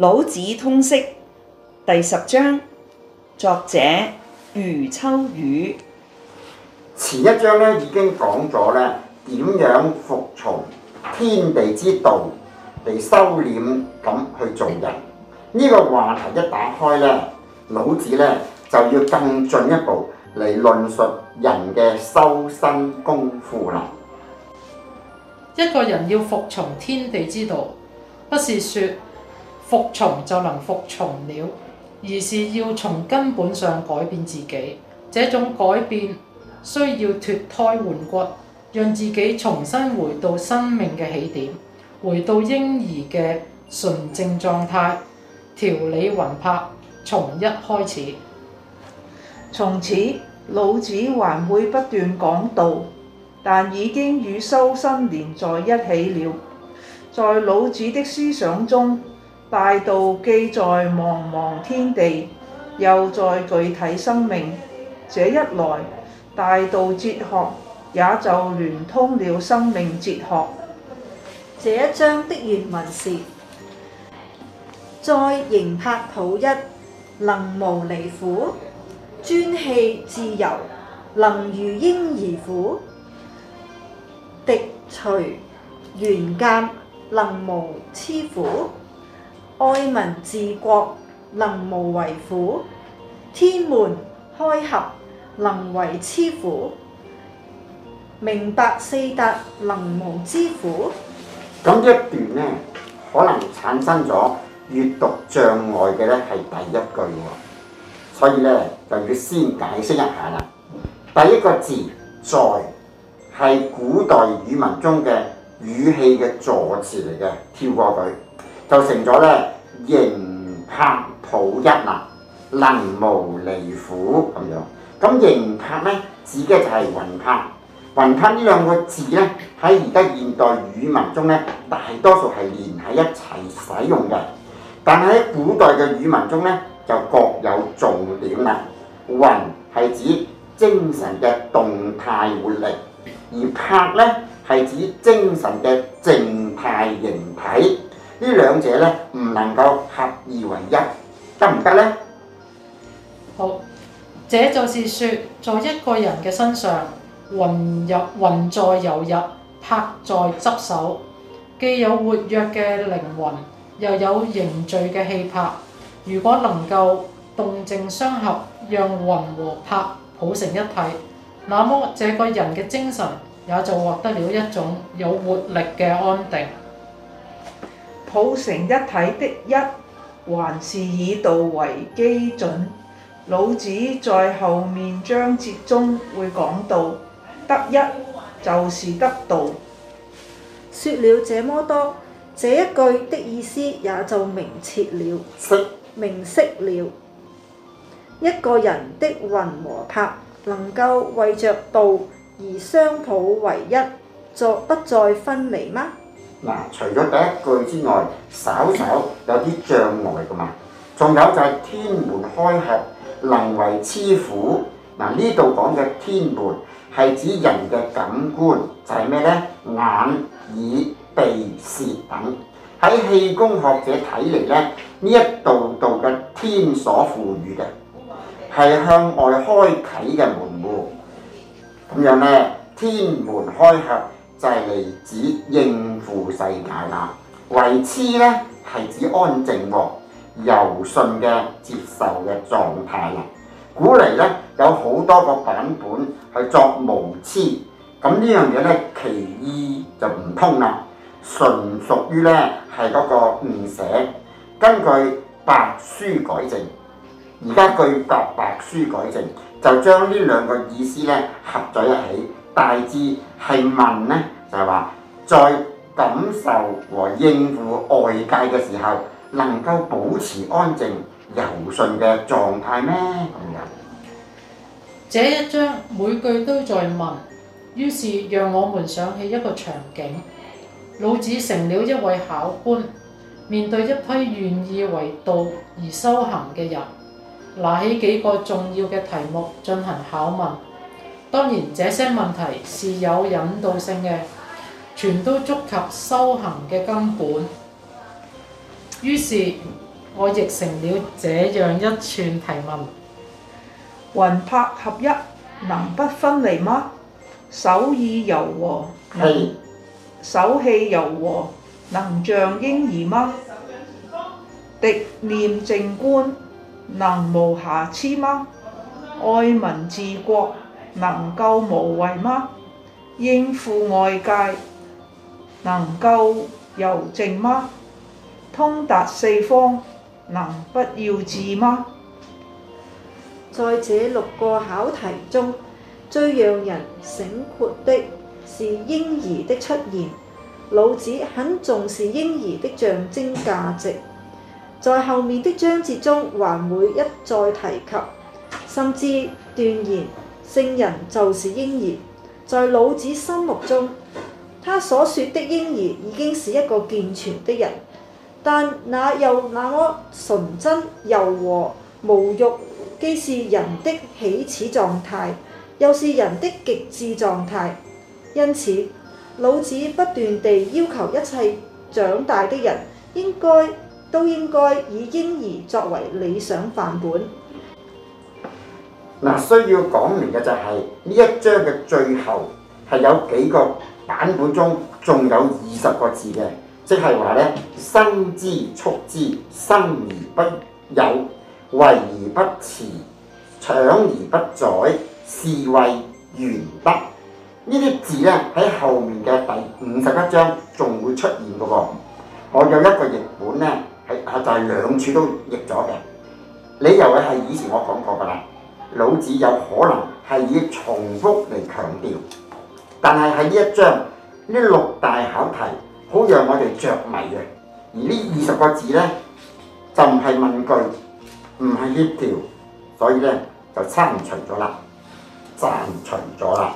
老子通釋第十章，作者余秋雨。前一章已經講咗咧點樣服從天地之道嚟，修煉咁去做人。呢、這個話題一打開，老子就要更進一步嚟論述人嘅修身功夫啦。一個人要服從天地之道，不是說服從就能服從了，而是要從根本上改變自己。這種改變需要脫胎換骨，讓自己重新回到生命嘅起點，回到嬰兒嘅純正狀態，調理魂魄，從一開始。從此，老子還會不斷講道，但已經與修身連在一起了。在老子的思想中，大道既在茫茫天地，又在具體生命。這一來，大道哲學也就聯通了生命哲學。這一章的原文是：載營魄抱一，能無離乎？專氣致柔，能如嬰兒乎？滌除玄鑒，能無疵乎？愛民治國，能無為乎？天門開合，能為雌乎？明白四達，能無知乎？咁一段咧，可能產生咗閱讀障礙嘅咧，係第一句，所以咧就要先解釋一下啦。第一個字載係古代語文中嘅語氣嘅助詞嚟嘅，跳過佢。就成咗咧，營魄抱一啦，能無離乎咁樣。咁營魄呢，指嘅就係魂魄。魂魄呢兩個字呢，喺而家現代語文中呢，大多數係連喺一齊使用嘅。但喺古代嘅語文中呢，就各有重點啦。魂係指精神嘅動態活力，而魄呢，係指精神嘅靜態形體。呢兩者咧唔能夠合二為一，得唔得呢？好，這就是說，在一個人嘅身上，魂入魂在遊入，魄在執守，既有活躍嘅靈魂，又有凝聚嘅氣魄。如果能夠動靜相合，讓魂和魄抱成一體，那麼這個人嘅精神也就獲得了一種有活力嘅安定。抱成一體的一，還是以道為基準？老子在後面章節中會講到，得一就是得道。說了這麼多，這一句的意思也就明徹了，明晰了。一個人的魂和魄，能夠為着道而相抱為一，作不再分離嗎？嗱，除咗第一句之外，稍稍有啲障礙㗎嘛，仲有就係天門開闔，能為雌乎。嗱，呢度講嘅天門係指人嘅感官，就係咩呢？眼、耳、鼻、舌等，喺氣功學者睇嚟呢，呢一道道嘅天所賦予嘅，係向外開啓嘅門戶。咁樣呢，天門開闔。就係嚟指應付世界啦，為雌呢，係指安靜和柔順嘅接受嘅狀態啦。古嚟呢，有好多個版本係作無雌，咁呢樣嘢呢，其義就唔通啦，純屬於呢，係嗰個誤寫。根據《帛書》改正，而家據《帛書》改正，就將呢兩個意思呢，合在一起，大致係問呢。就係話，在感受和應付外界嘅時候，能夠保持安靜柔順嘅狀態咩？咁樣，這一章每句都在問，於是讓我們想起一個場景：老子成了一位考官，面對一批願意為道而修行嘅人，拿起幾個重要嘅題目進行考問。當然，這些問題是有引導性嘅。全都觸及修行嘅根本，於是，我亦成了這樣一串提問：魂魄合一能不分離嗎？手意柔和，手氣柔和，能像嬰兒嗎？敵念靜觀能無瑕疵嗎？愛民治國能夠無為嗎？應付外界。能夠有靜嗎？通達四方，能不要字嗎？在這六個考題中，最讓人醒豁的是嬰兒的出現。老子很重視嬰兒的象徵價值，在後面的章節中還會一再提及，甚至斷言聖人就是嬰兒。在老子心目中。他所說的嬰兒已經是一個健全的人，但那又那麼純真柔和無欲，既是人的起始狀態，又是人的極致狀態。因此，老子不斷地要求一切長大的人，應該，都應該以嬰兒作為理想範本。嗱，需要講明嘅就係，係，呢一章嘅最後係有幾個。版本中仲有二十個字嘅，即係話咧，生之畜之，生而不有，為而不恃，長而不宰，是謂玄德。呢啲字咧喺後面嘅第五十一章仲會出現嘅喎。我有一個譯本咧，係呀，就係兩處都譯咗嘅。理由咧係以前我講過嘅啦，老子有可能係以重複嚟強調。但係喺呢一章，呢六大考題好讓我哋著迷嘅，而呢二十個字呢，就唔係問句，唔係協調，所以呢，就刪除咗啦，刪除咗啦。